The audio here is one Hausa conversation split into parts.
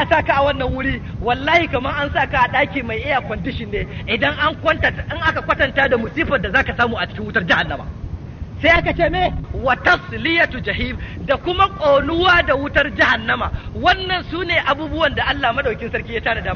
a sa ka a wannan wuri wallahi kamar an sa ka a ɗaki mai air condition ne idan an kwanta in aka kwatanta da musifar da zaka samu a cikin wutar jahannama sai aka ce me wa tasliyatu jahim da kuma ƙonuwa da wutar jahannama wannan su ne abubuwan da Allah madaukin sarki ya tana da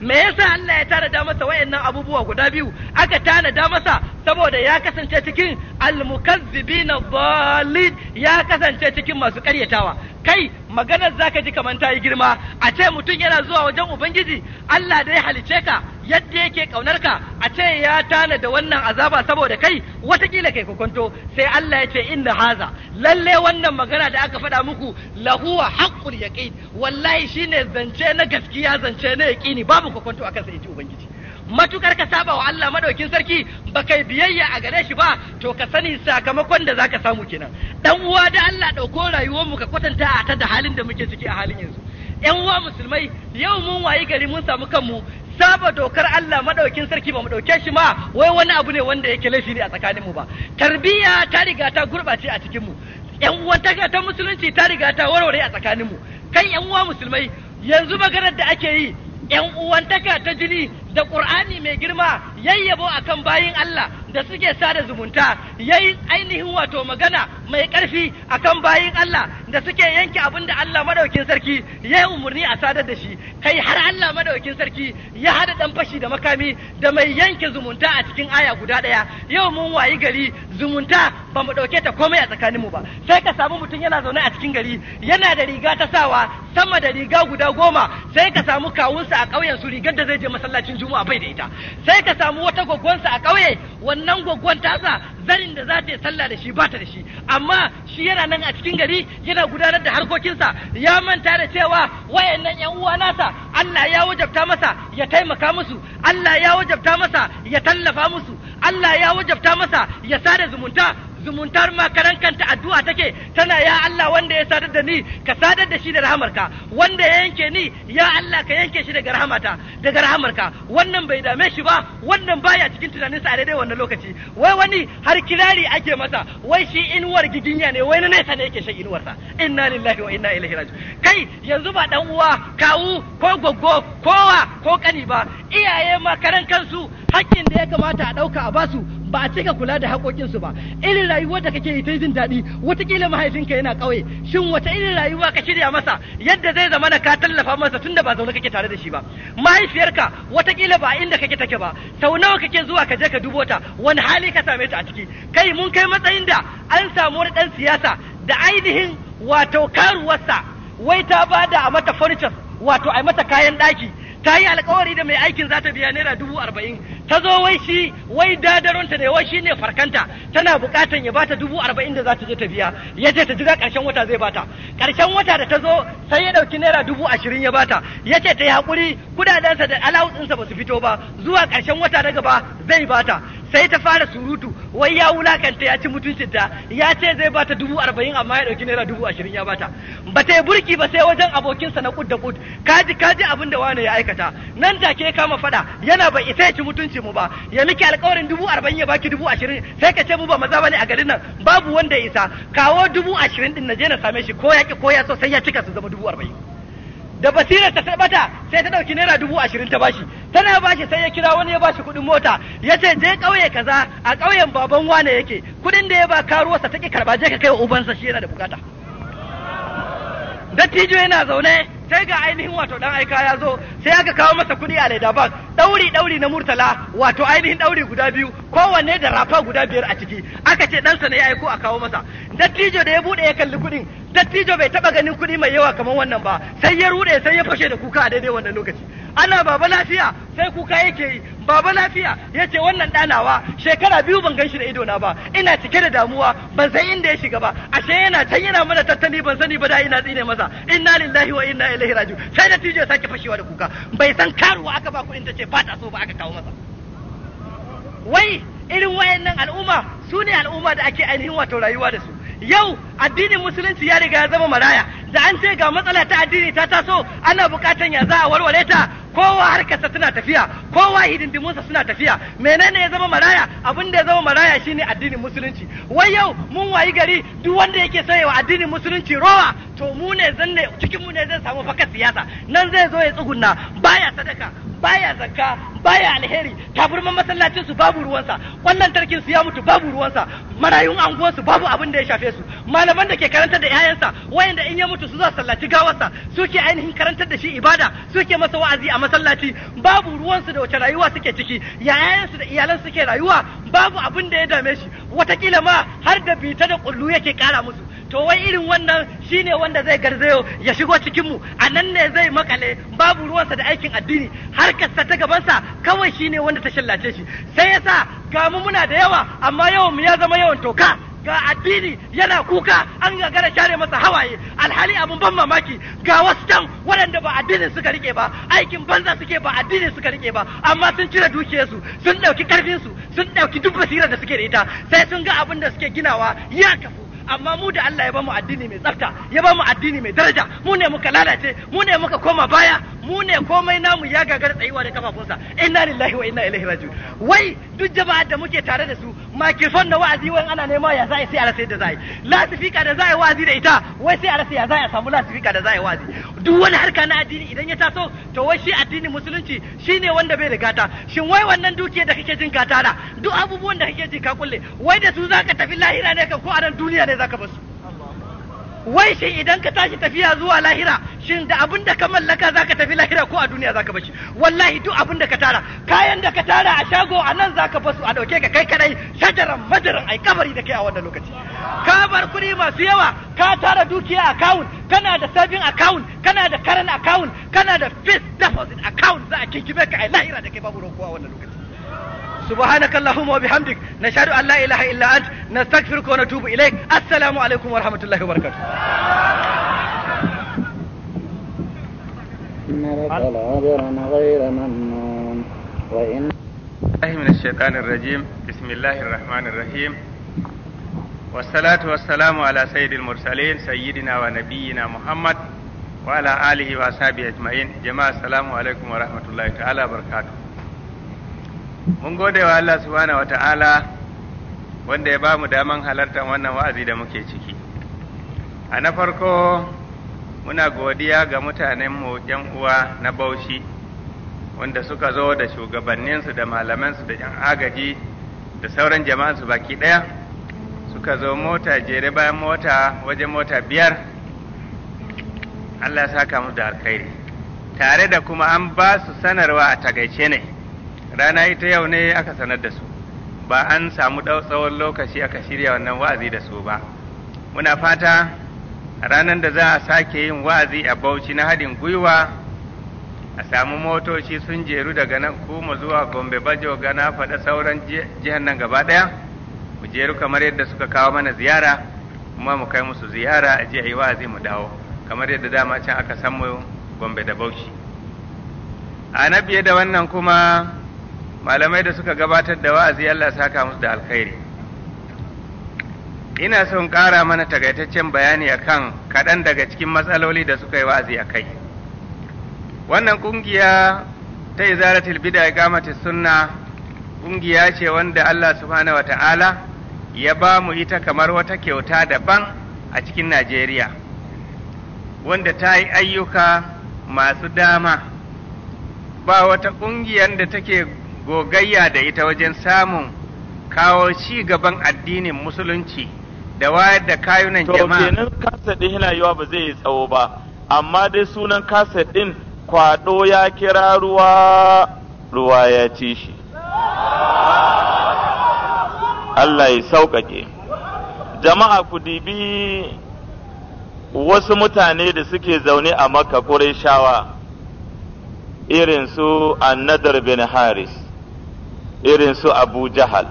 me yasa Allah ya tana da masa wayannan abubuwa guda biyu aka tana da masa saboda ya kasance cikin almukazzibina dhalin ya kasance cikin masu ƙaryatawa kai maganar za ka ji kamar ta yi girma a ce mutum yana zuwa wajen ubangiji Allah da ya halice ka yadda yake kaunar ka a ce ya tana da wannan azaba saboda kai watakila kai kokonto sai Allah ya ce inna haza lalle wannan magana da aka faɗa muku lahuwa haqqul yaqin wallahi shine zance na gaskiya zance na yaqini babu kokonto akan sai ya ubangiji matukar ka saba wa Allah madaukin sarki ba kai biyayya a gare shi ba to ka sani sakamakon da zaka samu kenan dan uwa da Allah dauko rayuwar mu ka kwatanta a ta da halin da muke ciki a halin yanzu yan uwa musulmai yau mun wayi gari mun samu kanmu saba dokar Allah madaukin sarki ba mu dauke shi ma wai wani abu ne wanda yake laifi ne a tsakanin mu ba tarbiyya ta riga ta gurbace a cikin mu yan uwa ta musulunci ta riga ta warware a tsakanin mu kan yan uwa musulmai yanzu maganar da ake yi yan uwantaka ta jini da ƙur'ani mai girma yayyabo akan bayin Allah da suke sada zumunta yayi ainihin wato magana mai karfi akan bayin Allah da suke yanke abin da Allah madaukin sarki yayi umarni a sadar da shi kai har Allah madaukin sarki ya hada ɗan fashi da makami da mai yanke zumunta a cikin aya guda ɗaya yau mun wayi gari zumunta ba mu dauke ta komai a tsakaninmu ba sai ka samu mutum yana zaune a cikin gari yana da riga ta sawa sama da riga guda goma sai ka samu kawunsa a ƙauyen su rigar da zai je masallacin juma'a bai da ita sai ka samu wata gwaggwansa a ƙauye wannan gwaggon tasa zanin da za ta yi sallah da shi ba ta da shi amma shi yana nan a cikin gari yana gudanar da harkokinsa ya manta da cewa wayannan yan uwa nasa Allah ya wajabta masa ya taimaka musu Allah ya wajabta masa ya tallafa musu Allah ya wajabta masa ya sada zumunta zumuntar makaran kanta addu'a take tana ya Allah wanda ya sadar da ni ka sadar da shi da rahamarka wanda ya yanke ni ya Allah ka yanke shi daga rahamata daga rahamarka wannan bai dame shi ba wannan baya cikin tunaninsa a daidai wannan lokaci wai wani har kirari ake masa wai shi inuwar giginya ne wai na nesa ne yake shan inuwarsa inna lillahi wa inna ilaihi kai yanzu ba dan uwa kawu ko goggo kowa ko kani ba iyaye makaran kansu hakkin da ya kamata a ɗauka. a a basu ba a cika kula da haƙoƙinsu ba irin rayuwa da kake yi ta jin daɗi watakila mahaifinka yana ƙauye shin wata irin rayuwa ka shirya masa yadda zai zama na ka tallafa masa tun da ba zaune kake tare da shi ba mahaifiyarka watakila ba inda kake take ba sau nawa kake zuwa ka je ka dubo ta wani hali ka same ta a ciki kai mun kai matsayin da an samu wani ɗan siyasa da ainihin wato karuwarsa wai ta bada a mata furniture wato a mata kayan daki ta yi alkawari da mai aikin za ta biya naira dubu arba'in ta zo wai shi wai dadaronta ne wai ne farkanta tana bukatan ya bata dubu arba'in da za ta zo ta biya ya ce ta jira karshen wata zai bata karshen wata da ta zo sai ya dauki naira dubu ashirin ya bata ya ce ta yi hakuri kudadensa da alawusinsa ba su fito ba zuwa karshen wata na gaba zai bata sai ta fara surutu wai ya wulakanta ya ci mutuncinta ya ce zai bata dubu arba'in amma ya dauki naira dubu ashirin ya bata ba ta yi burki ba sai wajen abokinsa na kud da kud kaji kaji abin da wane ya aikata nan take kama fada yana ba isa ya ci mutunci ce mu ba ya miki alƙawarin dubu arba'in ya baki dubu ashirin sai ka ce mu ba maza bane a garin nan babu wanda ya isa kawo dubu ashirin din na je na same shi ko ya ki ko ya so sai ya cika su zama dubu arba'in da basirar ta sabata sai ta dauki naira dubu ashirin ta bashi tana bashi sai ya kira wani ya bashi kuɗin mota ya ce je ƙauye kaza a ƙauyen baban wane yake kuɗin da ya ba karuwarsa take karɓa je ka kai wa ubansa shi yana da bukata dattijo yana zaune sai ga ainihin wato dan aika ya zo sai aka kawo masa kuɗi a leda bank ɗauri ɗauri na murtala wato ainihin ɗauri guda biyu kowanne da rafa guda biyar a ciki aka ce ɗansa ne ya aiko a kawo masa dattijo da ya buɗe ya kalli kuɗin dattijo bai taɓa ganin kuɗi mai yawa kamar wannan ba sai ya ruɗe sai ya fashe da kuka a daidai wannan lokaci ana baba lafiya sai kuka yake yi baba lafiya ya ce wannan ɗanawa shekara biyu ban gan shi da na ba ina cike da damuwa ban san inda ya shiga ba ashe yana can yana mana tattali ban sani ba da ina tsine masa inna lillahi wa inna ilaihi raji'un sai da tijo sake fashewa da kuka bai san karuwa aka ba kuɗin tace ce ba so ba aka kawo masa wai irin wayannan al'umma su ne al'umma da ake ainihin wato rayuwa da su yau addinin musulunci ya riga ya zama maraya da an ce ga matsala ta addini ta taso ana bukatan ya za a warware ta kowa harkarsa suna tafiya kowa hidindimunsa suna tafiya menene ya zama maraya abin da ya zama maraya shine addinin musulunci wai yau mun wayi gari duk wanda yake so wa addinin musulunci rowa to mu ne ne cikin mu ne zan samu fakar siyasa nan zai zo ya tsugunna baya sadaka baya zakka baya alheri taburman masallacin su babu ruwansa wannan tarkin su ya mutu babu ruwansa marayun anguwan su babu abin da ya shafe su malaman da ke karantar da yayansa wayanda in ya mutu su za sallaci gawarsa suke ainihin karantar da shi ibada suke masa wa'azi a masallaci babu ruwansu da wace rayuwa suke ciki yayayensu da iyalan suke rayuwa babu abin da ya dame shi watakila ma har da bita da kullu yake kara musu to wai irin wannan shine wanda zai garzayo ya shigo cikin mu a nan ne zai makale babu ruwansa da aikin addini har harkarsa ta gabansa kawai shine wanda ta shallace shi sai yasa ga mu muna da yawa amma yawan mu ya zama yawan toka ga addini yana kuka an gagara share masa hawaye alhali abun ban mamaki ga wasu can waɗanda ba addini suka rike ba aikin banza suke ba addini suka rike ba amma sun cire dukiyarsu sun ɗauki ƙarfinsu sun ɗauki duk basirar da suke da ita sai sun ga abin da suke ginawa ya kafu amma mu da Allah ya mu addini mai tsafta ya mu addini mai daraja mu ne muka lalace mu ne muka koma baya mu ne komai namu ya gagara tsayuwa da kafafunsa inna lillahi wa inna ilaihi raji'un wai duk jama'ar da muke tare da su makirfan na wa'azi wani ana nema ya za'i sai a rasa yadda za'i lasifika da za'i wa'azi da ita wai sai a rasa ya za'i a samu lasifika da za'i wa'azi duk wani harka na addini idan ya taso to wai shi addinin musulunci shi ne wanda bai da gata shin wai wannan dukiyar da kake jin gata duk abubuwan da kake jin ka kulle wai da su za ka tafi lahira ne ka ko a duniya ne za ka basu wai shin idan ka tashi tafiya zuwa lahira shin da abin da ka mallaka za ka tafi lahira ko a duniya za ka bashi wallahi duk abin da ka tara kayan da ka tara a shago a nan za zaka basu a dauke ka kai kadai shajaran madaran ai kabari da kai a wannan lokaci ka bar kuɗi masu yawa ka tara dukiya account kana da saving account kana da current account kana da fixed deposit account za a kinkime ka ai lahira da kai babu ruwa a wannan lokaci سبحانك اللهم وبحمدك نشهد أن لا إله إلا أنت نستغفرك ونتوب إليك السلام عليكم ورحمة الله وبركاته غير ممنون وإن من الشيطان الرجيم بسم الله الرحمن الرحيم والصلاة والسلام على سيد المرسلين سيدنا ونبينا محمد وعلى آله وأصحابه أجمعين جماعة السلام عليكم ورحمة الله تعالى وبركاته mun gode wa Allah subhanahu ta’ala wanda ya ba mu daman halartar wannan wa'azi da muke ciki a na farko muna godiya ga mutanenmu yan uwa na baushi wanda suka zo da shugabanninsu da malamansu da yan agaji da sauran jama'ansu baki ɗaya suka zo mota jere bayan mota wajen mota biyar Allah ya saka mu da alkhairi tare da kuma an ba su sanarwa a tagaice ne rana ita yau ne aka sanar da su ba an samu tsawon lokaci aka shirya wannan wa'azi da su ba muna fata ranar da za a sake yin wa'azi a bauchi na hadin gwiwa a samu motoci sun jeru daga nan kuma zuwa gombe bajo gana faɗa sauran jihar nan gaba ɗaya mu jeru kamar yadda suka kawo mana ziyara kuma mu kai musu ziyara a jiya yi wa'azi mu dawo kamar yadda dama can aka san mu gombe da bauchi a na biye da wannan kuma malamai da suka gabatar da wa'azi Allah saka musu da alkhairi ina son ƙara mana tagaitaccen bayani akan kaɗan daga cikin matsaloli da suka yi wa'azi a kai wannan ƙungiya ta izaratul bida ya sunna ƙungiya ce wanda Allah subhanahu wa ta'ala ya ba mu ita kamar wata kyauta daban a cikin Najeriya wanda ta yi ayyuka masu dama ba wata ƙungiyar da take gogayya da ita wajen samun kawo ci gaban addinin musulunci da wayar da kayunan jama'a. To kenan ɗin hina ba zai yi tsawo ba, amma dai sunan kaset ɗin kwaɗo ya kira ruwa, ruwa ya ci shi. Allah ya sauƙaƙe. Jama'a ku dibi wasu mutane da suke zaune a Makka Qurayshawa irin su Annadar bin Haris. irin su abu jahal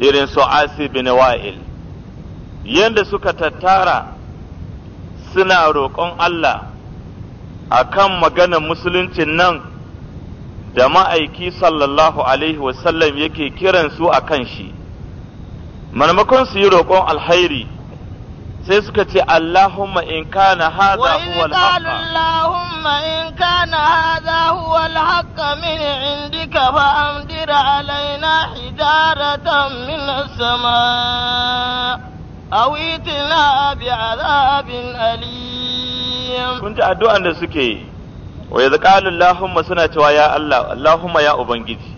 irin su asi bin wa'il yadda suka tattara suna roƙon Allah a kan maganar musuluncin nan da ma'aiki sallallahu alaihi wasallam yake kiransu a kan shi maimakon su yi roƙon alhairi sai suka ce Allahumma in kana hadha huwa al-haqq Allahumma in kana hadha huwa al-haqq min indika fa amdir alaina hijaratan min as-samaa aw itina bi'adabin alim kun ta addu'an da suke yi wa yadda qalu Allahumma suna cewa ya Allah Allahumma ya ubangiji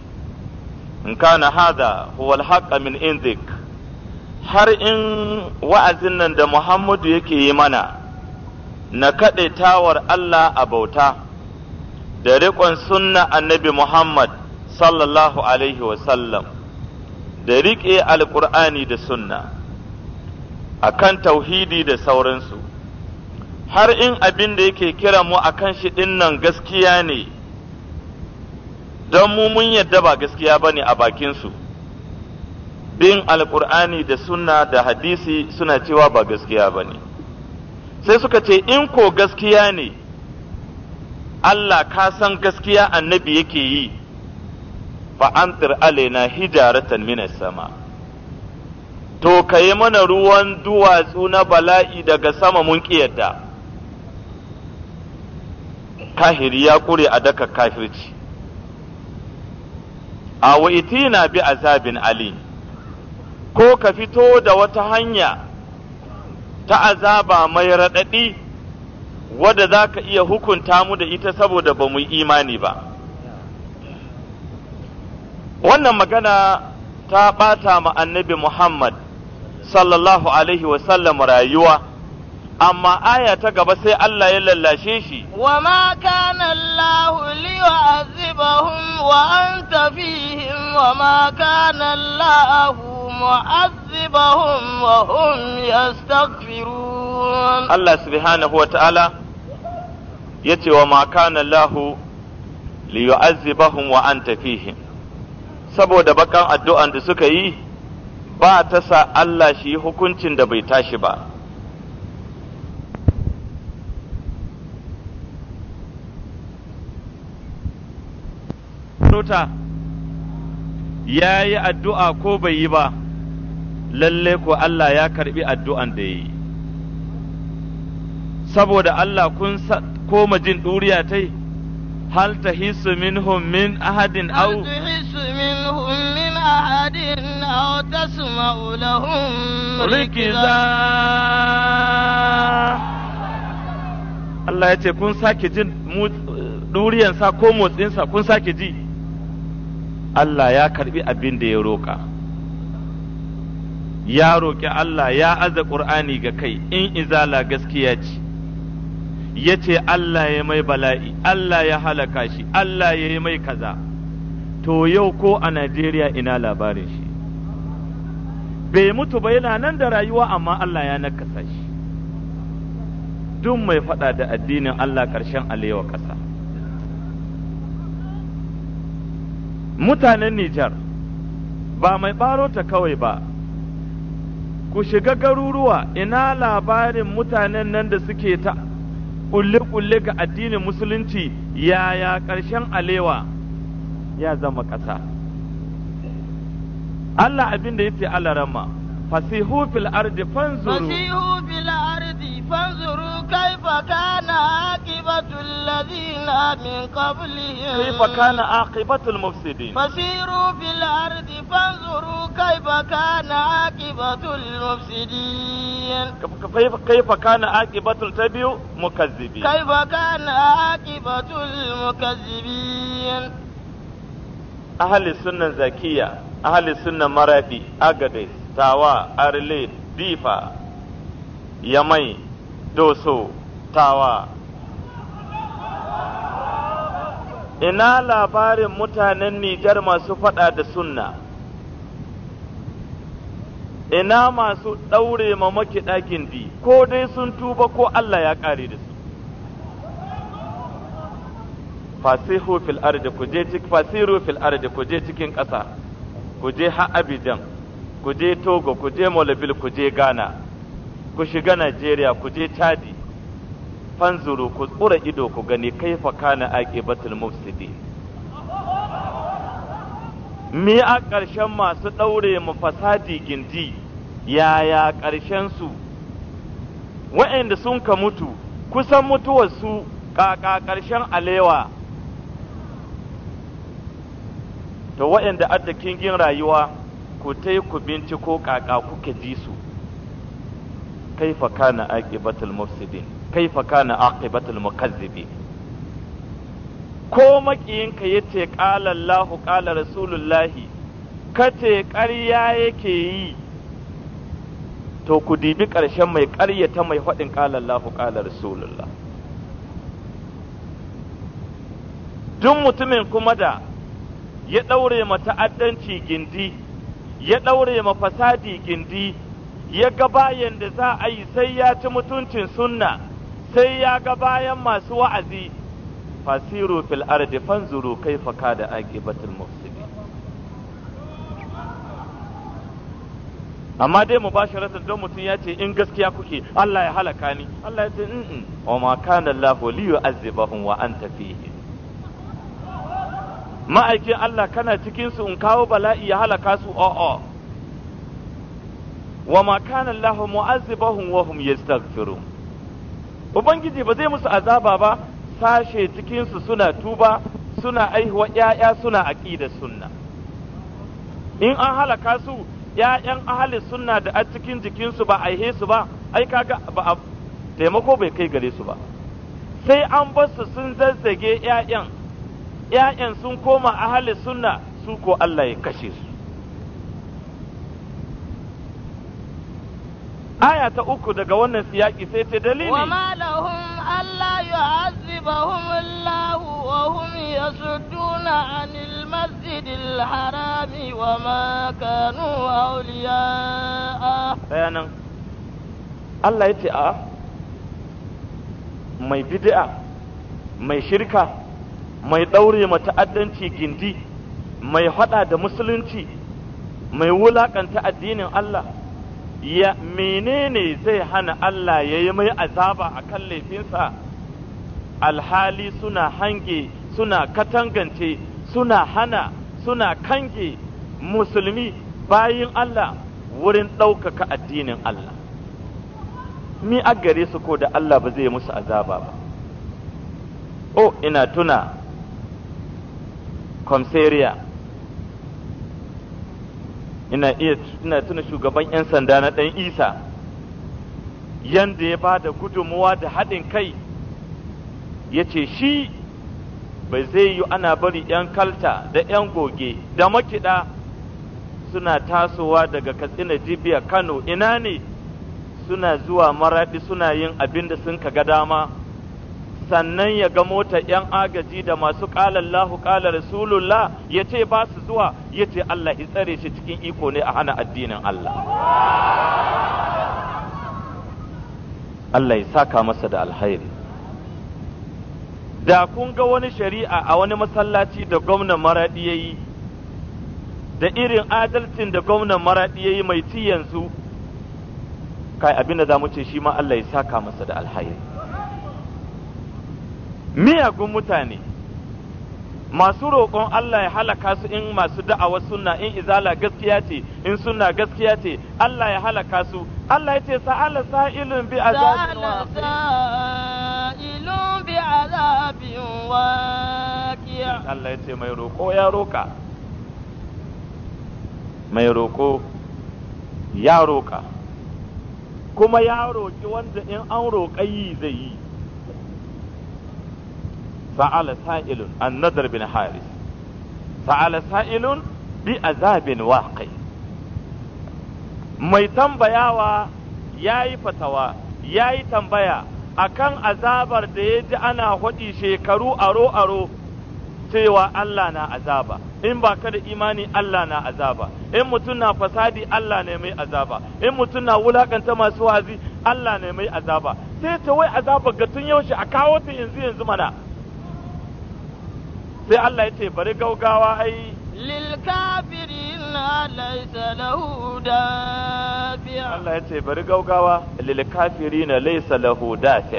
in kana hadha huwa al-haqq min indika har in wa'azin nan da Muhammadu yake yi mana na kaɗe tawar Allah a bauta da riƙon sunna annabi Muhammad sallallahu Alaihi wasallam da riƙe alƙur'ani da sunna a kan tauhidi da sauransu har in abin da yake kira mu a kan shi ɗinnan gaskiya ne don mu mun yadda ba gaskiya ba ne a bakinsu. bin alkur'ani da sunna da hadisi suna cewa ba gaskiya ba ne sai suka ce in ko gaskiya ne Allah ka san gaskiya annabi yake yi fa antir alaina hijaratan minas sama to ka yi mana ruwan duwatsu na bala'i daga sama mun ƙiyarda kahiri ya ƙure a daka kafirci a wa'itina bi azabin alim ko ka fito da wata hanya ta azaba mai raɗaɗi wadda za ka iya hukunta mu da ita saboda ba mu yi imani ba wannan magana ta ɓata ma annabi muhammad sallallahu alaihi wasallam rayuwa amma aya ta gaba sai Allah ya lallashe shi wa ma kana Allah liyu'azzibahum wa anta fihim wa ma kana Allah mu'azzibahum wa hum yastaghfirun Allah subhanahu wa ta'ala yace wa ma kana Allah liyu'azzibahum wa anta fihim saboda bakan addu'an da suka yi ba ta sa Allah shi hukuncin da bai tashi ba ta ya yi addu'a ko bai yi ba lalle ko Allah ya karbi addu'an da ya yi saboda Allah kun koma jin ɗuriya ta yi hal ta hisu minhum min ahadin au Allah ya ce kun sake jin eh, ɗuriyansa ko motsinsa kun sake ji Allah ya karbi abin da ya roƙa ya roƙi Allah ya aza ƙur'ani ga kai in izala gaskiya ce ya ce Allah ya mai bala'i Allah ya halaka shi Allah ya yi mai kaza to yau ko a Najeriya ina labarin shi bai mutu ba yana nan da rayuwa amma Allah ya nakasa shi duk mai faɗa da addinin Allah ƙarshen alewa ƙasa mutanen Nijar ba mai ta kawai ba ku shiga garuruwa ina labarin mutanen nan da suke ta ƙulle-ƙulle ga addinin musulunci yaya ƙarshen alewa ya zama ƙasa Allah abin da ya ce rama. fasihu fil ardi fanzuru fasihu fil ardi fanzuru kaifa kana aqibatu alladhina min qablihim kaifa kana aqibatu almufsidin fasiru fil ardi fanzuru kaifa kana aqibatu almufsidin kaifa kana aqibatu tabiu mukazzibin kaifa kana aqibatu almukazzibin ahli sunnan zakiya ahli sunnan marabi agadez tawa arle difa yamai doso tawa ina labarin mutanen nijar masu faɗa da sunna ina masu ɗaure ma makiɗakin di? ko dai sun tuba ko Allah ya ƙare da su fasihu fil ardi cikin ku cikin ƙasa ku je har Abidjan ku je togo ku je molabil ku je ghana ku shiga najeriya ku je chadi fanzuru ku tsura ido ku gani kai kana aqibatul mufsidi mi a ƙarshen masu ɗaure mu fasadi gindi yaya ƙarshen su wa'anda sun ka mutu kusan mutuwarsu ƙaƙa ƙarshen alewa to wa'anda adda kingin rayuwa ku tai ku binciko kaka kuka ji su kaifa kana aqibatul mufsidin kaifa kana aqibatul mukazzibin ko makiyinka yace qala Allahu qala rasulullahi kace ƙarya yake yi to ku dibi ƙarshen mai ƙaryata mai faɗin ƙala Allahu ƙala Rasulullah duk mutumin kuma da ya ɗaure ta'addanci gindi ya ɗaure ma fasadi gindi ya ga bayan da za a yi sai ya ci mutuncin sunna sai ya ga bayan masu wa'azi fasiru fil ardi fanzuru kaifa kada aqibatul mufsidin amma dai mubasharatu don mutum ya ce in gaskiya kuke Allah ya halaka ni Allah ya ce in wa ma kana Allah wa anta fihi ma'aikin Allah kana cikinsu in kawo bala'i ya halaka su a'a wa ma kana Allah mu'azzibahum wa hum yastaghfirun ubangiji ba zai musu azaba ba sashe cikinsu suna tuba suna aihuwa ‘ya'ya suna aƙida sunna in an halaka su ‘ya'yan ahli sunna da a cikin jikinsu ba aihe su ba ai kaga ba a taimako bai kai gare su ba sai an basu sun zazzage ‘ya'yan ‘ya'yan sun koma ahalin sunna su ko Allah ya kashe su. aya ta uku daga wannan siyaki sai ce dalili wa ma lahum ya yu'azzibahum Allah wa hum yasudduna 'anil masjidil harami wa ma kanu awliya'a bayanan Allah yace a ah, mai bid'a mai shirka mai ɗaure ma ta'addanci gindi mai haɗa da musulunci mai wulaƙanta addinin Allah ya menene zai hana Allah ya yi mai azaba a kan laifinsa alhali suna hange suna katangance suna hana suna kange musulmi bayin Allah wurin ɗaukaka addinin Allah mi a gare su ko da Allah ba zai musu azaba ba oh ina tuna komseriya ina iya tuna tuna shugaban 'yan sanda na ɗan isa yanda ya ba da gudunmuwa da haɗin kai ya ce shi bai zai yi ana bari 'yan kalta da 'yan goge da makiɗa suna tasowa daga katsina jibiya kano ina ne suna zuwa maraɗi suna yin abin da sun ka ga dama sannan ya ga mota ‘yan agaji da masu ƙalallahu ƙala rasulullah ya ce ba su zuwa ya ce Allah ya tsare shi cikin iko ne a hana addinin Allah. Allah ya saka masa da alhairi. Da kun ga wani shari'a a wani masallaci da gwamnan maraɗi ya yi, da irin adalcin da gwamnan maraɗi ya yi mai ci yanzu, kai abin da za mu ce shi ma Allah ya saka masa da alhairi. miyagun mutane masu roƙon Allah ya halaka su in masu da'awa sunna in izala gaskiya ce in sunna gaskiya ce Allah ya halaka su Allah ya ce sa'ala sa'ilun bi azabin wa sa'ilun bi azabin waqiya Allah ya ce mai roƙo ya roƙa mai roƙo ya roƙa kuma ya roƙi wanda in an roƙayi zai yi sa'ala سائل an بن حارث haris sa'ala بعذاب واقع azabin mai tambayawa ya yi fatawa ya yi tambaya a kan azabar da ya ji ana hudi shekaru aro-aro cewa Allah na azaba in ba ka da imani Allah na azaba in mutum na fasadi Allah ne mai azaba in mutum na wulakanta masu wazi Allah ne mai azaba sai ta wai azabar ga tun yaushe a kawo ta yanzu yanzu mana sai Allah ya ce bari gaugawa ai lil kafirin laisa lahu dafi Allah ya ce bari gaugawa lil kafirin laisa lahu dafi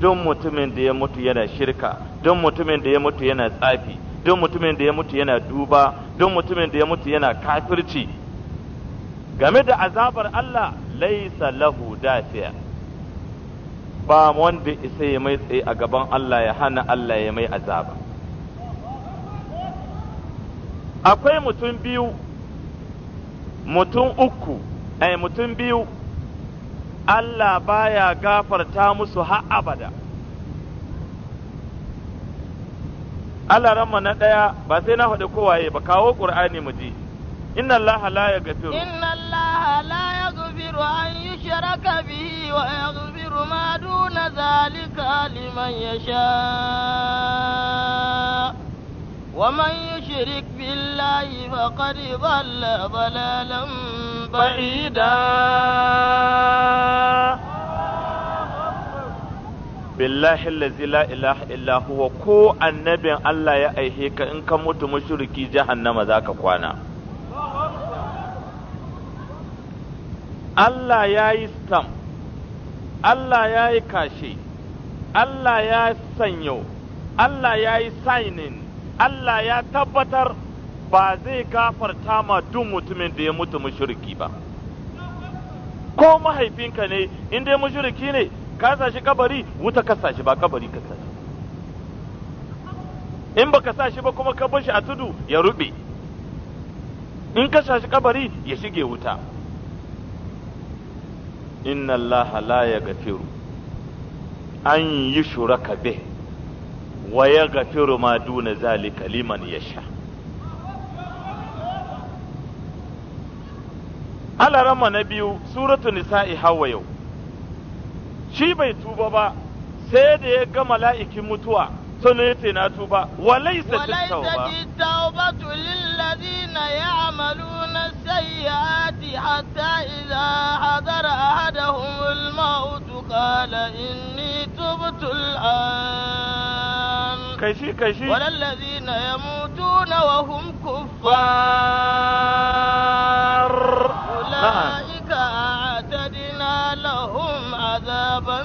duk mutumin da ya mutu yana shirka duk mutumin da ya mutu yana tsafi duk mutumin da ya mutu yana duba duk mutumin da ya mutu yana kafirci game da azabar Allah laisa lahu dafiya ba wanda isa ya mai tsaye a gaban Allah ya hana Allah ya mai azaba akwai mutum biyu mutum uku ai eh, mutum biyu Allah baya gafarta musu har abada Allah ranma na ɗaya ba sai na haɗu kowaye ba kawo ƙur'ani mu ji inna Allah la gafiru. inna Allah la gafiru an yushraka bihi wa gafiru. يغفر ما دون ذلك لمن يشاء ومن يشرك بالله فقد ضل ضلالا بعيدا billahi allazi la ilaha illa ko annabin Allah ya aihe in ka mutu mushriki jahannama zaka kwana Allah ya yi stamp Allah ya yi kashe, Allah ya sanyo, Allah ya yi sainin, Allah ya tabbatar ba zai gafarta ma duk mutumin da ya mutu mushriki ba. Ko mahaifinka ne, in dai mushriki ne, ka shi kabari, wuta ka shi ba kabari ka shi. In ba ka shi ba kuma ka bar shi a tudu ya rube. In ka shi kabari ya shige wuta. inna allaha la yaghfiru an yushraka bih wa yaghfiru ma duna zalika liman yasha alarama na biyu suratu nisa'i hawa yau shi bai tuba ba sai da ya ga mala'ikin mutuwa sun yi ce na tuba walaisa tattauba walaisa tattauba يعملون السيئات حتى إذا حضر أحدهم الموت قال إني تبت الآن كشي كشي ولا الذين يموتون وهم كفار أولئك أعتدنا لهم عذابا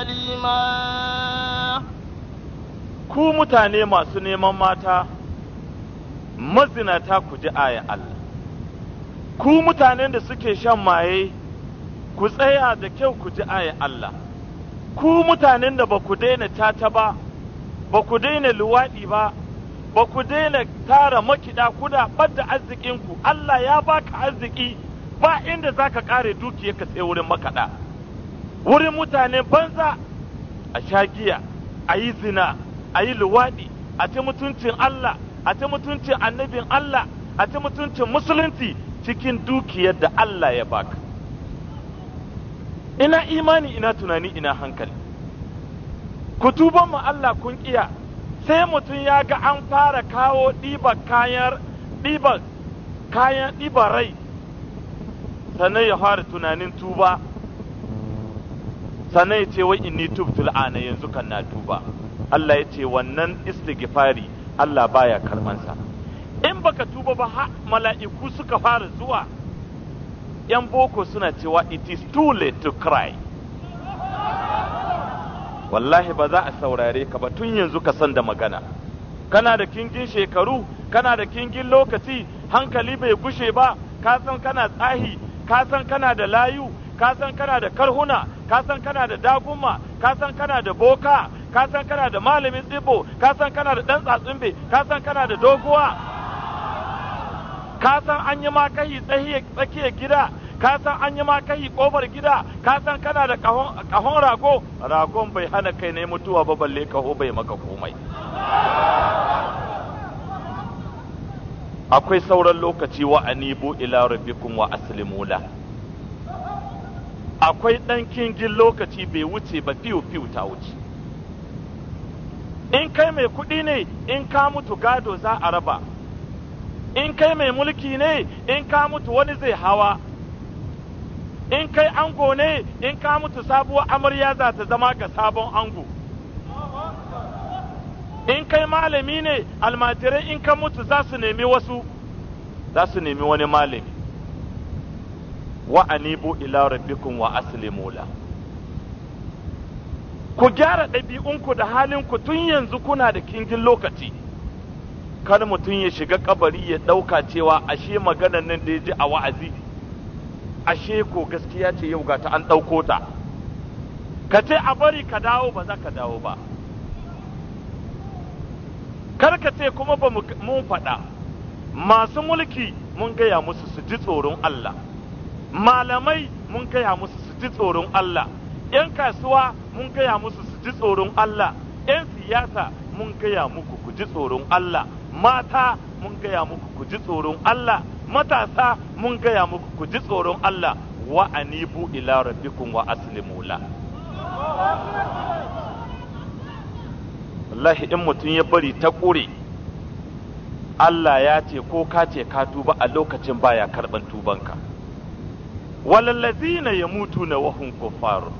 أليما ku mutane masu neman mata mazinata ku ji aya Allah ku mutanen da suke shan maye ku tsaya da kyau ku ji ayin Allah ku mutanen da ba ku daina tata ba ba ku daina luwaɗi ba ba ku daina tara makiɗa kuna da arzikinku Allah ya baka arziki ba inda za ka ƙare ka tsaye wurin makaɗa wurin mutane banza a sha giya a yi zina a yi luwaɗi a ci mutuncin Allah a ci mutuncin annabin Allah a ci mutuncin musulunci cikin dukiyar da Allah ya baka ina imani ina tunani ina hankali ku tuba mu Allah kun iya sai mutum ya ga an fara kawo ɗiba kayan ɗiba rai sannan ya fara tunanin tuba sannan ya ce wai inni tubtu ana yanzu kan na tuba Allah ya ce wannan istighfari Allah baya karɓansa in baka tuba ba mala'iku suka fara zuwa yan boko suna cewa it is too late to cry wallahi ba za a saurare ka ba tun yanzu ka san da magana kana da kingin shekaru kana da kingin lokaci hankali bai gushe ba ka san kana tsahi ka san kana da layu ka san kana da karhuna ka san kana da dagumma ka san kana da boka ka san kana da malamin tsibo ka san kana da dan tsatsunbe ka san kana da doguwa ka san an yi tsakiyar gida ka san an yi ma kofar gida ka san kana da kahon rago ragon bai hana kai ne mutuwa ba balle kaho bai maka komai akwai sauran lokaci wa anibu ila rabbikum wa aslimu la akwai ɗan kingin lokaci bai wuce ba fiyo fiyo ta wuce in kai mai kuɗi ne in ka mutu gado za a raba in kai mai mulki ne in ka mutu wani zai hawa in kai ango ne in ka mutu sabuwar amarya za ta zama ga sabon ango in kai malami ne almajirai in ka mutu za su nemi wasu za su nemi wani malami wa anibu ila rabbikum wa aslimu la ku gyara ɗabi'unku da halinku tun yanzu kuna da kingin lokaci kar mutum ya shiga kabari ya ɗauka cewa ashe maganan nan da ya ji a wa'azi ashe ko gaskiya ce yau gata an ɗauko ta ka ce a bari ka dawo ba za ka dawo ba kar ka ce kuma ba mun faɗa masu mulki mun gaya musu su ji tsoron Allah malamai mun gaya musu su ji tsoron Allah 'yan kasuwa mun gaya musu su ji tsoron Allah 'yan siyasa mun gaya muku ku ji tsoron Allah mata mun gaya muku ku ji tsoron Allah matasa mun gaya muku ku ji tsoron Allah wa anibu ila rabbikum wa aslimu la wallahi in mutum ya bari ta ƙure Allah ya ce ko ka ce ka tuba a lokacin baya karɓan tubanka walallazina ya mutu na wahun kufar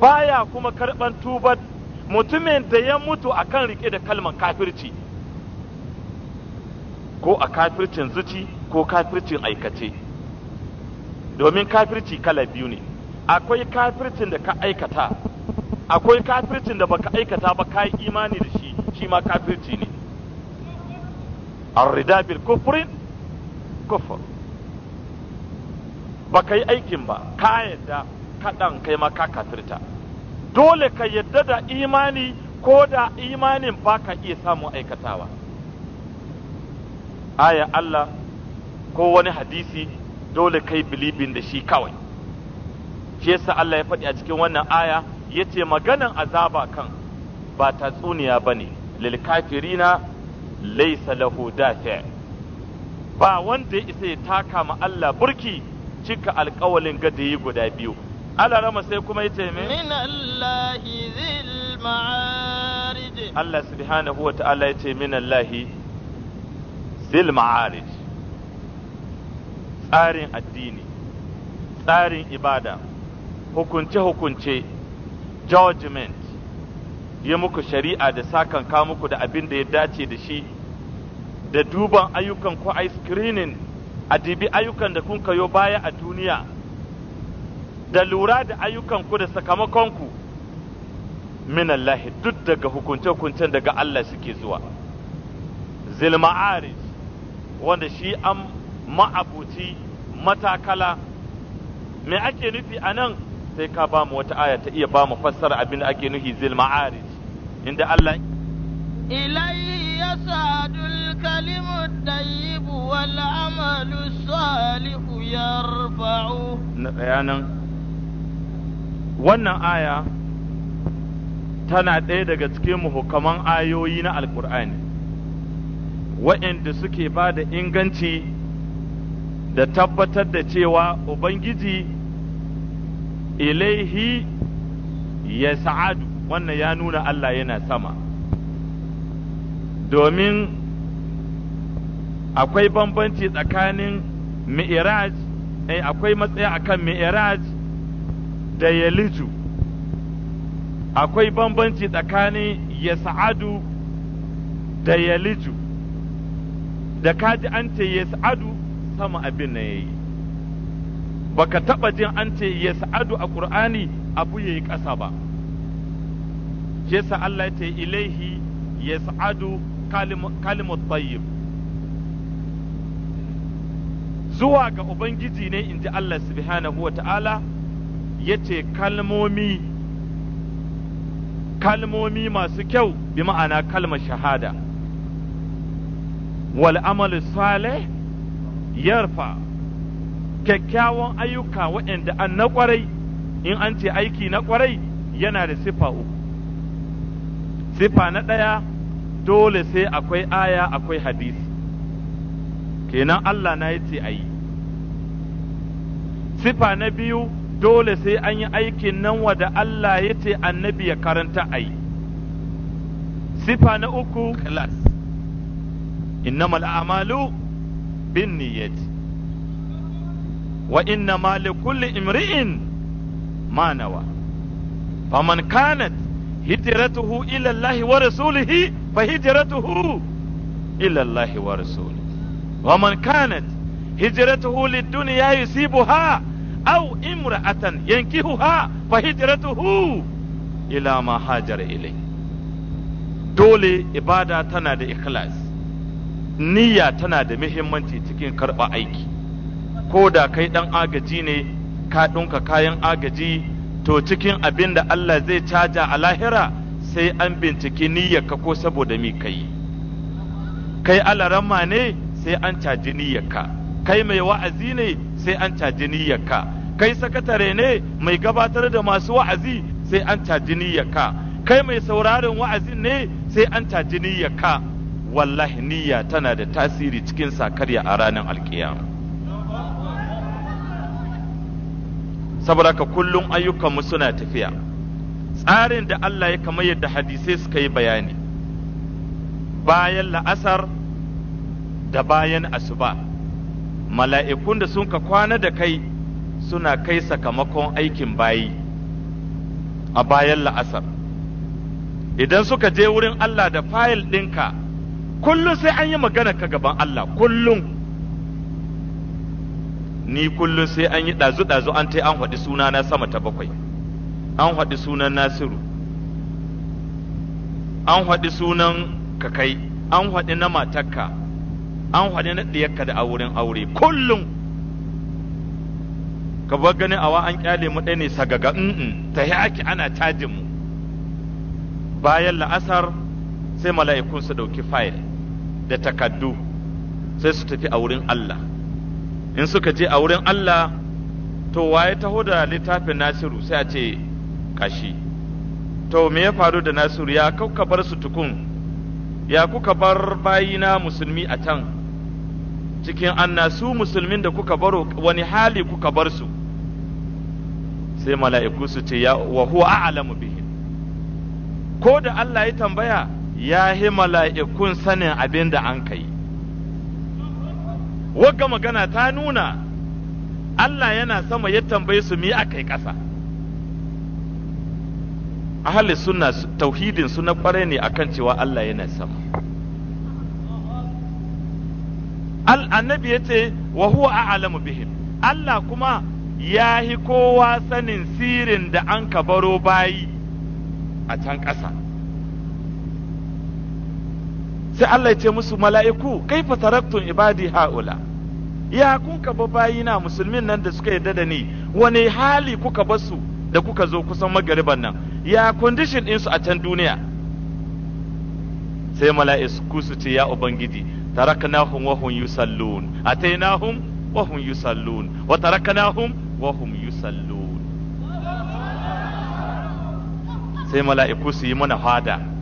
baya kuma karban tubar mutumin da ya mutu akan rike da kalman kafirci ko a kafircin zuci ko kafircin aikace domin kafirci kala biyu ne akwai kafircin da ka aikata akwai kafircin da baka aikata ba ka yi imani da shi shi ma kafirci ne arrida bil kufrin kufur baka yi aikin ba ka yadda kaɗan kai ma ka kafirta dole ka yadda da imani ko da imanin baka iya samun aikatawa aya Allah ko wani hadisi dole kai bilibin da shi kawai shi yasa Allah ya faɗi a cikin wannan aya yace maganan azaba kan ba tatsuniya bane lil kafirina laysa lahu dafi ba wanda ya isa ya taka ma Allah burki cika alkawalin gadayi guda biyu Allah rama sai kuma ya ce me min Allahi zil ma'arij Allah subhanahu wa ta'ala ya fil ma'arij tsarin addini tsarin ibada hukunce-hukunce judgment ya muku shari'a da sakan ka muku da abin da ya dace da shi da duban ayyukan ko ai screening a dibi ayyukan da kun kayo baya a duniya da lura da ayyukan ku da sakamakonku minallahi duk daga hukunce-hukuncen daga Allah suke zuwa zilma'arij wanda shi an ma'abuci matakala me ake nufi a nan sai ka ba mu wata aya ta iya ba mu fassara abin da ake nufi zil ma'arij inda Allah ilai sadul kalimu tayyibu wal amalu salihu yarfa'u na nan wannan aya tana ɗaya daga cikin muhukaman ayoyi na alkur'ani waɗanda suke ba da inganci da tabbatar da cewa Ubangiji ilaihi ya sa'adu wannan ya nuna Allah yana sama domin akwai bambanci tsakanin mi'iraj eh, akwai matsaya akan mi'iraj da yaliju akwai bambanci tsakanin ya sa'adu da yaliju da ka ji an ce sa'adu sama abin na yayi ba ka taɓa jin an ce sa'adu a ƙur'ani abu ya yi ƙasa ba shi sa Allah ce ilaihi sa'adu kalimat tayyib zuwa ga ubangiji ne in ji Allah subhanahu wa ta'ala ya ce kalmomi kalmomi masu kyau bi ma'ana kalmar shahada wal amalu salih yarfa kyakkyawan ayyuka waɗanda an na ƙwarai in an ce aiki na kwarai yana da sifa uku sifa na ɗaya dole sai akwai aya akwai hadisi kenan Allah na ya ce a yi sifa na biyu dole sai an yi aikin nan wada Allah ya ce annabi ya karanta a yi sifa na uku class innamal a'malu bin niyyat wa innama likulli imri'in ma nawa faman kanat hijratuhu ila Allah wa rasulihi fa hijratuhu ila Allah wa rasulihi wa man kanat hijratuhu lid-dunya yusibuha aw imra'atan yankihuha fa hijratuhu ila ma dole ibada tana da ikhlas niyya tana da muhimmanci cikin karɓa aiki ko da kai ɗan agaji ne ka ɗunka kayan agaji to cikin abin da Allah zai caja a lahira sai an binciki niyyarka ko saboda mi kai kai alaramma ne sai an caji niyyarka kai mai wa'azi ne sai an caji niyyarka kai sakatare ne mai gabatar da masu wa'azi sai an caji niyyarka kai mai sauraron wa'azin ne sai an caji niyyarka wallahi niyya tana da tasiri cikin sakarya a ranar alkiyama saboda ka kullum ayyukanmu suna tafiya tsarin da Allah ya kama yadda hadisai suka yi bayani bayan la'asar da bayan asuba mala'ikun da sun ka kwana da kai suna kai sakamakon aikin bayi a bayan la'asar idan suka je wurin Allah da fayil ɗinka kullum sai an yi magana ka gaban Allah kullum ni kullum sai an yi ɗazu-ɗazu an ta an haɗi suna na sama ta bakwai an haɗi sunan nasiru an haɗi sunan kakai an haɗi na matakka an haɗi na ɗiyakka da auren aure kullum ka bar ganin awa an kyale mu ɗaya ne sagaga ta ake ana cajin mu bayan la'asar sai mala'ikun su ɗauki fayil da takaddu sai su tafi a wurin Allah in suka je a wurin Allah to waye taho da littafin Nasiru sai a ce kashi to me ya faru da Nasiru ya kuka bar su tukun ya kuka bar bayina musulmi a can cikin annasu musulmin da kuka baro wani hali kuka bar su sai mala'iku su ce ya wa huwa bihin ko da Allah ya tambaya ya hi mala'ikun sanin abin da an kai wagga magana ta nuna Allah yana sama ya tambaye su mi akai ƙasa ahli suna tauhidin suna na ne akan cewa Allah yana sama annabi ya ce wa huwa a'lamu bihim Allah kuma ya hi kowa sanin sirin da an ka baro bayi a can ƙasa sai Allah ya ce musu mala'iku kaifa taraktun ibadi haula ya kun ka bayina musulmin nan da suka yarda da ni wani hali kuka basu da kuka zo kusan magariban nan ya condition din su a can duniya sai mala'iku su ce ya ubangiji taraknahum wa hum yusallun atainahum wa hum yusallun wa taraknahum wa hum yusallun sai mala'iku su yi mana fada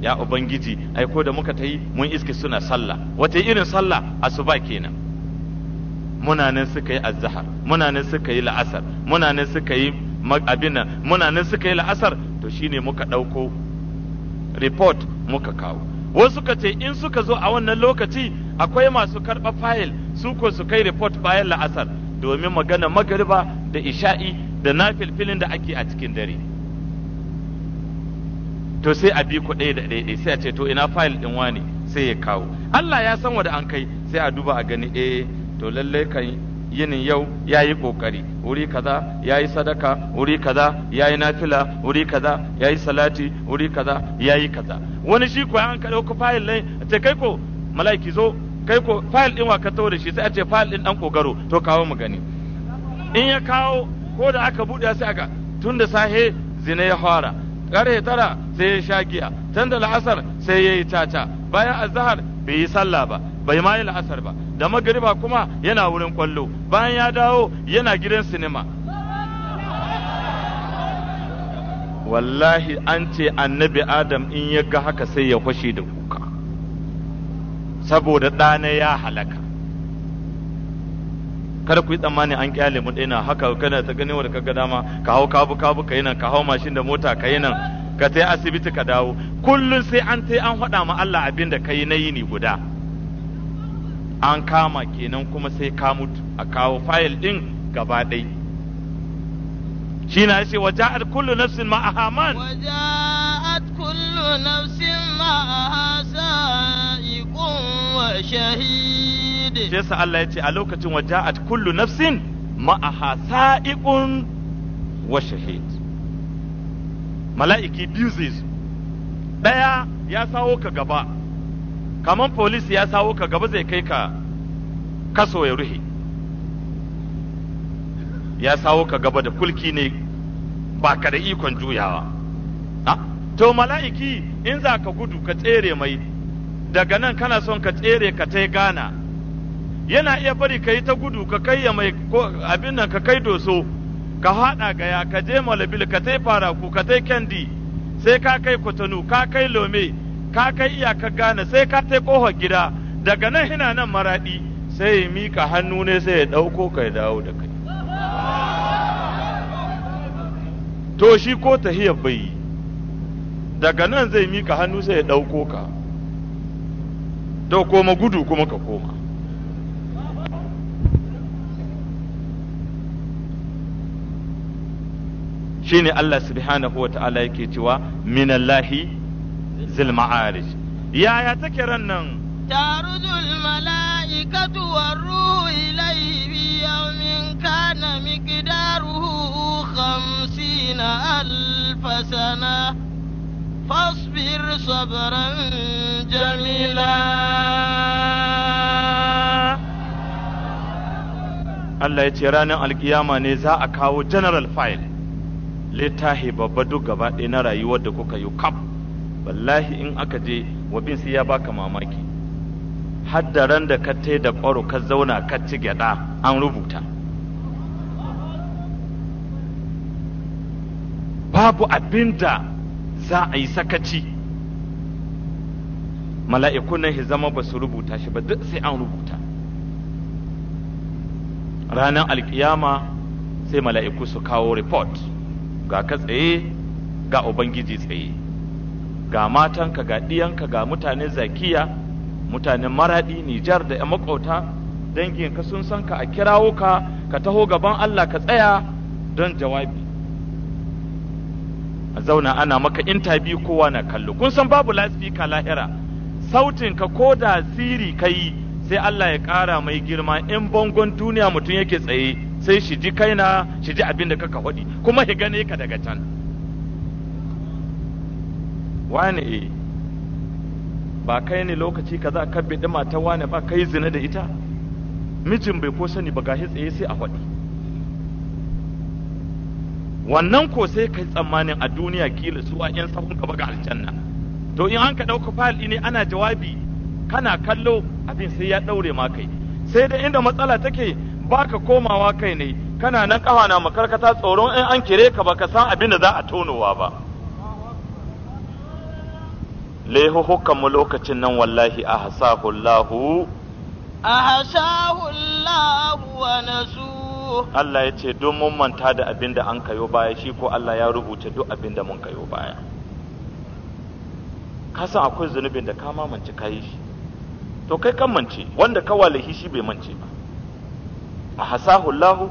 ya ubangiji ai ko da muka ta yi mun iske suna sallah wata irin sallah asuba kenan muna nan suka yi azhar muna nan suka yi la'asar muna nan suka yi abinan muna nan suka yi la'asar to shine muka ɗauko report muka kawo wasu suka ce in suka zo a wannan lokaci akwai masu karɓa fayil su ko su kai report bayan la'asar domin magana magariba da isha'i da filin da ake a cikin dare to sai a bi ku ɗaya da ɗaya sai a ce to ina fayil ɗin wani sai ya kawo Allah ya san wada an kai sai a duba a gani eh to lallai kan yinin yau ya yi ƙoƙari wuri kaza ya yi sadaka wuri kaza ya yi nafila wuri kaza ya yi salati wuri kaza ya yi kaza wani shi ko an ka ɗauka fayil ɗin a ce kai ko mala'iki zo kai ko fayil ɗin wa ka tawo da shi sai a ce fayil ɗin ɗan ƙoƙaro to kawo mu gani in ya kawo ko da aka buɗe sai aka tun da sahe zina ya fara ƙarfe tara sai ya sha giya tanda da la'asar sai ya yi caca bayan azahar bai yi sallah ba bai ma yi la'asar ba da magariba kuma yana wurin kwallo bayan ya dawo yana gidan sinima wallahi an ce annabi adam in ya ga haka sai ya kwashe da kuka saboda ɗana ya halaka kada ku yi tsammani an kyale mu daina haka kana ta gani wanda kaga dama ka hau kabu kabu ka yi nan ka hau mashin da mota ka yi nan ka tai asibiti ka dawo Kullum sai an tai an faɗa ma Allah abin da yi na yi ne guda an kama kenan kuma sai ka mutu a kawo fayil ɗin gaba ɗaya shi na ce wa ja'at kullu nafsin ma'a haman wa ja'at kullu nafsin ma'a sa'iqun wa shahid shi yasa Allah ya ce a lokacin ja'at kullu nafsin ma'aha sa'iqun wa shahid mala'iki biyu zai zo ɗaya ya sawo ka gaba kamar polisi ya sawo ka gaba zai kai ka kaso ya ruhe ya sawo ka gaba da kulki ne ba ka da ikon juyawa to mala'iki in za ka gudu ka tsere mai daga nan kana son ka tsere ka tai gana yana iya bari ka yi ta gudu ka kai ya mai abin nan ka kai doso ka haɗa gaya ka je malabil ka tai ku ka tai kendi sai ka kai kotonu ka kai lome ka kai iyakar gane sai ka tai kohar gida daga nan hina nan maraɗi sai ya mika hannu ne sai ya ɗauko ka ya dawo da kai to shi ko tahiyar bai daga nan zai mika hannu sai ya ɗauko ka to koma gudu kuma ka koma shine Allah subhanahu wa ta'ala yake cewa minallahi zil ma'arij yaya take ran nan tarujul mala'ikatu war ilayhi yawmin kana miqdaruhu 50 alf sana fasbir sabran jamila Allah ya ce ranar alkiyama ne za a kawo general file littahi babba duk gaba ɗaya na rayuwar da kuka yi kaf wallahi in aka je wabin sai ya baka mamaki haddaran da ka tai da ƙwaro ka zauna ka ci gyaɗa an rubuta babu abin da za a yi sakaci mala'ikunan shi zama ba su rubuta shi ba duk sai an rubuta ranar alkiyama sai mala'iku su kawo report ga ka tsaye ga ubangiji tsaye ga matanka ga ɗiyanka ga mutane zakiya mutanen maraɗi nijar da 'yan makauta danginka sun san ka a kirawo ka ka taho gaban allah ka tsaya don jawabi a zauna ana maka intabi kowa na kallo kun san babu lasifika lahira sautinka ko da siri ka yi sai allah ya ƙara mai girma in bangon duniya mutum yake tsaye sai shi ji kaina shi ji abin da kaka faɗi kuma shi gane ka daga can wane e ba kai ne lokaci ka za ka biɗi mata wane ba kai zina da ita mijin bai ko sani ba gashi tsaye sai a faɗi wannan ko sai kai tsammanin a duniya kila su a 'yan sabon gaba ga aljanna to in an ka ɗauka fa'ali ne ana jawabi kana kallo abin sai ya ɗaure ma kai sai da inda matsala take baka komawa kai ne kana nan kafa na makarkata tsoron in an kire ka baka san abin da za a tonowa ba Lehu mu lokacin nan wallahi a hasahu Lahu. a hasahu Lahu wa nasu Allah ya ce don mun manta da abin da an kayo baya shi ko Allah ya rubuta duk abin da mun kayo baya ka san akwai zunubin da ka mamance ka yi shi to kai kan mance wanda ka walahi shi bai mance ba a hasahullahu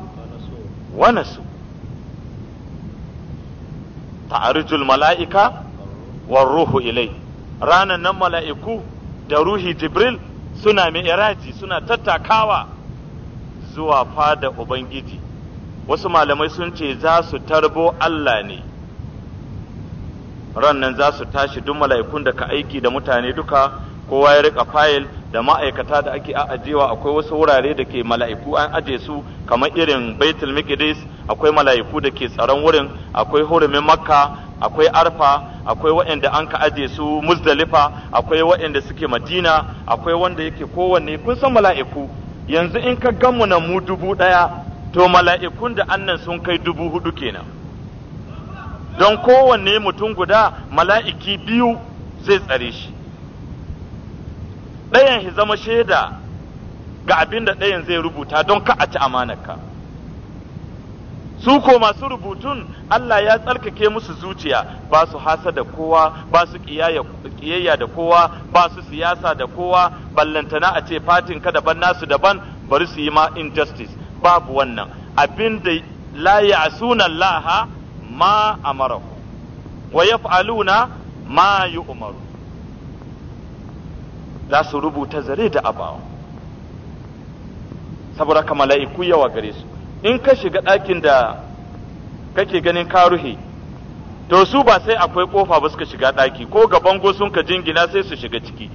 wa nasu ta'arijul mala'ika wa ruhu ilai ranan nan mala'iku da ruhi jibril suna mi'raji suna tattakawa zuwa fada ubangiji wasu malamai sun ce za su tarbo Allah ne ran nan za su tashi duk mala'ikun da ka aiki da mutane duka kowa ya rika fayil da ma'aikata da ake ajewa akwai wasu wurare da ke mala'iku an aje su kamar irin baitul miqdis akwai mala'iku da ke tsaron wurin akwai hurumin makka akwai arfa akwai waɗanda an ka aje su muzdalifa akwai waɗanda suke madina akwai wanda yake kowanne kun san mala'iku yanzu in ka gan na mu dubu ɗaya to mala'ikun da annan sun kai dubu hudu kenan don kowanne mutum guda mala'iki biyu zai tsare shi ɗayan shi zama shaida ga abin da ɗayan zai rubuta don ka a ci amanarka su ko masu rubutun Allah ya tsarkake musu zuciya ba su hasa da kowa ba su kiyayya da kowa ba su siyasa da kowa ballantana a ce fatin ka ban nasu daban bari su yi ma injustice babu wannan abin da la sunan laha ma amarahu wa yaf'aluna ma umaru. za su rubuta zare da abawa saboda ka mala'iku yawa gare su in ka shiga ɗakin da kake ganin ka ruhe to su ba sai akwai kofa ba suka shiga ɗaki ko ga bango sun ka jingina sai su shiga ciki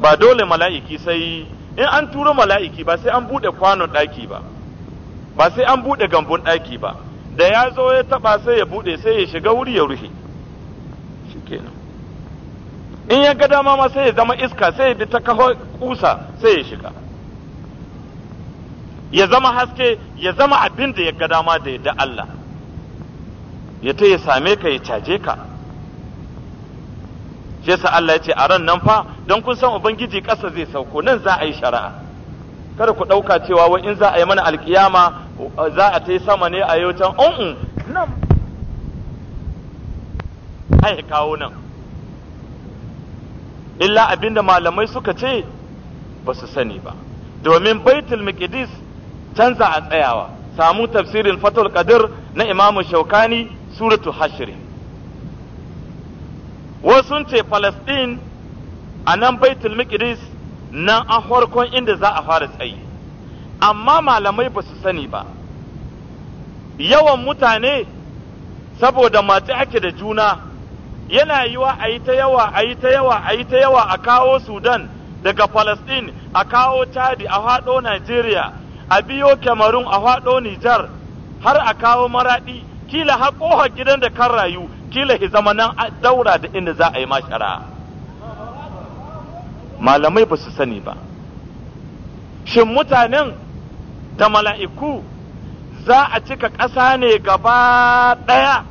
ba dole mala'iki sai in an turo mala'iki ba sai an buɗe kwanon ɗaki ba ba sai an buɗe gambun ɗaki ba da ya zo ya taɓa sai ya buɗe sai ya shiga wuri ya ruhe shikenan in ya ga dama ma sai ya zama iska sai ya bi ta kaho kusa sai ya shiga ya zama haske ya zama abin da ya ga dama da yadda Allah ya ta ya same ka ya caje ka shi yasa Allah ya ce a ran nan fa don kun san ubangiji ƙasa zai sauko nan za a yi shari'a kada ku ɗauka cewa wai in za a yi mana alkiyama za a ta yi sama ne a yau can nan ai kawo nan illa abinda malamai suka ce ba su sani ba domin baitul miqdis canza a tsayawa samu tafsirin fatul qadir na imamu shaukani suratu hashiri. wasu ce palestine a nan baitul miqdis nan a farkon inda za a fara tsayi amma malamai ba su sani ba yawan mutane saboda matsi ake da juna yana yiwa a yi ta yawa a yi ta yawa a yi ta yawa a kawo sudan daga palestine a kawo chadi a haɗo nigeria a biyo cameroon a haɗo nijar har a kawo maraɗi kila haƙoha gidan da kan rayu kila ki zama nan daura da inda za a yi mashara malamai ba su sani ba shin mutanen da mala'iku za a cika ƙasa ne gaba ɗaya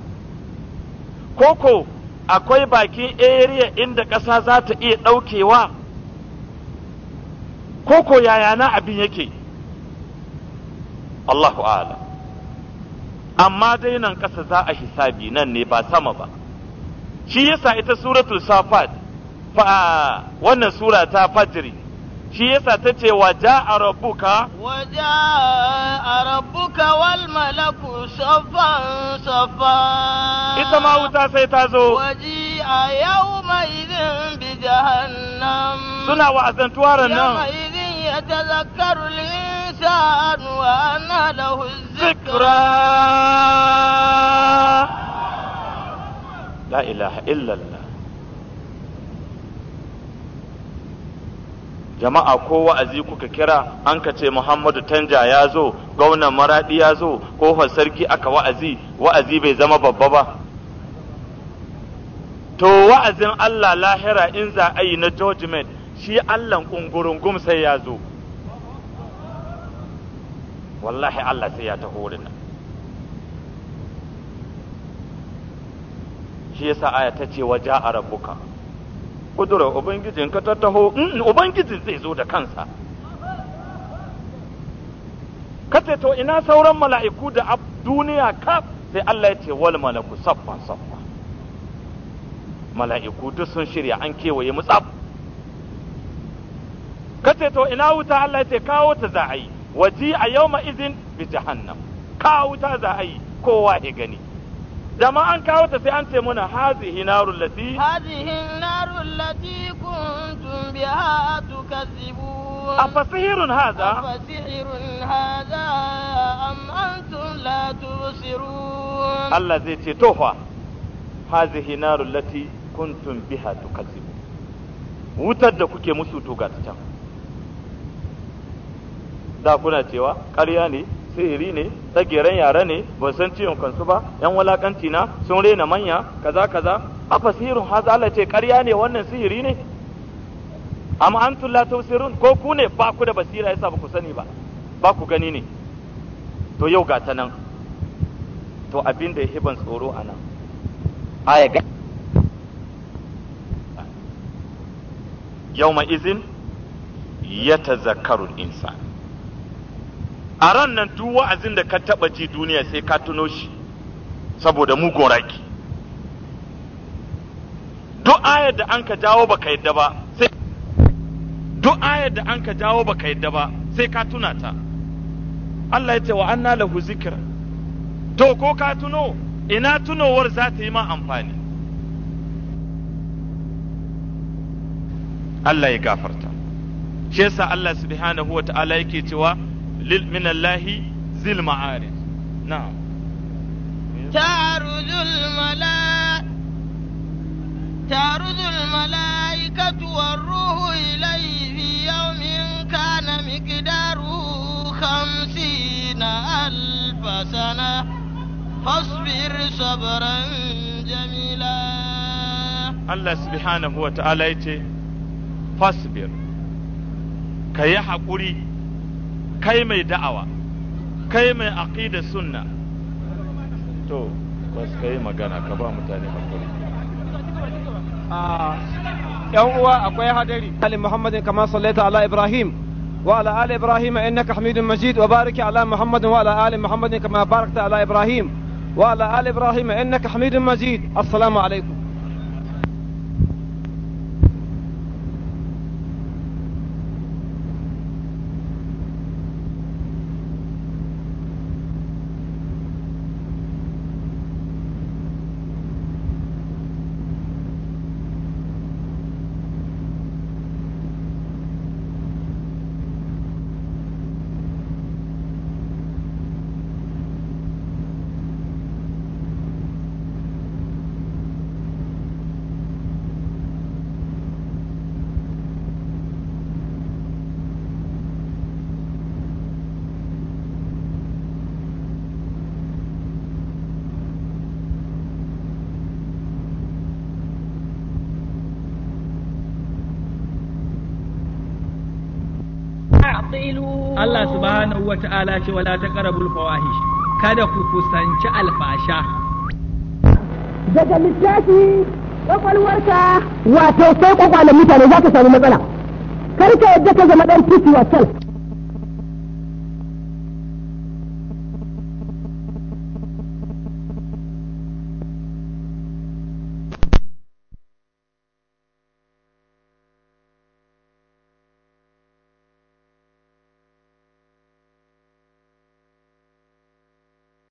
koko akwai bakin area inda ƙasa za ta iya ɗaukewa Ko yaya na abin yake Allahu ala amma dai nan ƙasa za a hisabi nan ne ba sama ba shi yasa ita suratul safat fa wannan sura ta fajiri shi yasa ta ce wa ja'a rabbuka wa ja'a rabbuka wal malaku safan saffa ita ma wuta sai ta zo a yau mai idin bi jahannam suna wa'azantuwa ran nan idin yatazakkaru al wa lahu la ilaha illallah jama'a ko wa'azi kuka kira an ka ce Muhammadu Tanja ya zo gwamnan Maradi ya zo kofar sarki aka wa'azi wa'azi bai zama babba ba to wa'azin Allah lahira in za a yi na judgment shi Allah kungurungum sai ya zo wallahi Allah sai ya taho nan shi yasa aya ta ce waja a rabbuka kudura ubangijin ka tattaho mm, ubangiji zai zo da kansa kace to ina sauran mala'iku da duniya ka sai Allah ya ce wal malaku saffan saffa mala'iku duk sun shirya an kewaye mu tsaf kace to ina wuta Allah ya ce kawo ta za a yi waji a ma izin bi jahannam kawo ta za a yi kowa ya gani ma an kawo ta sai an ce muna hazihi narul lati hazihi narul lati kuntum biha tukazzibun haza. a afasihirun haza am antum la tusiru. Allah zai ce to fa hazihi narul lati kuntum biha tukazzibun wutar da kuke musu to ga ta can da kuna cewa ƙarya ne sihiri ne tsageren yare ne ba san ciwon kansu ba yan walakanci na sun rena manya kaza kaza a fasirin haza ce ƙarya ne wannan sihiri ne amma an tulla tausirun ko ku ne ba ku da basira yasa ba ku sani ba ba ku gani ne to yau ga ta nan to abin da ya hiban tsoro a nan yau ma izin ya ta zakarun insani a ran nan duk wa'azin da ka taɓa ji duniya sai ka tuno shi saboda mugun raki duk ayar da an ka jawo baka yadda ba sai duk ayar da an ka jawo baka yadda ba sai ka tuna ta Allah ya ce wa anna lahu zikr to ko ka tuno ina tunowar za ta yi ma amfani Allah ya gafarta shi yasa Allah subhanahu wa ta'ala yake cewa من الله ذي المعارج نعم تعرج الملائكة تعرج الملائكة والروح إليه في يوم كان مقداره خمسين ألف سنة فاصبر صبرا جميلا Allah subhanahu wa ta'ala ya ce fasbir ka yi haƙuri kai mai da'awa kai mai aqida sunna to bas kai magana ka ba mutane ah yan uwa akwai hadari ali muhammad kama sallaita ala ibrahim wa ala ali ibrahim innaka hamidun majid wa barik ala muhammad wa ala ali muhammad kama barakta ala ibrahim wa ala ali ibrahim innaka hamidun majid assalamu alaikum wa ta'ala ce wala taqrabul fawahish kada ku kusanci alfasha daga littafi kwakwalwarka wato sai kwakwalen mutane za ta samu matsala kar ka yadda ka zama dan titi wa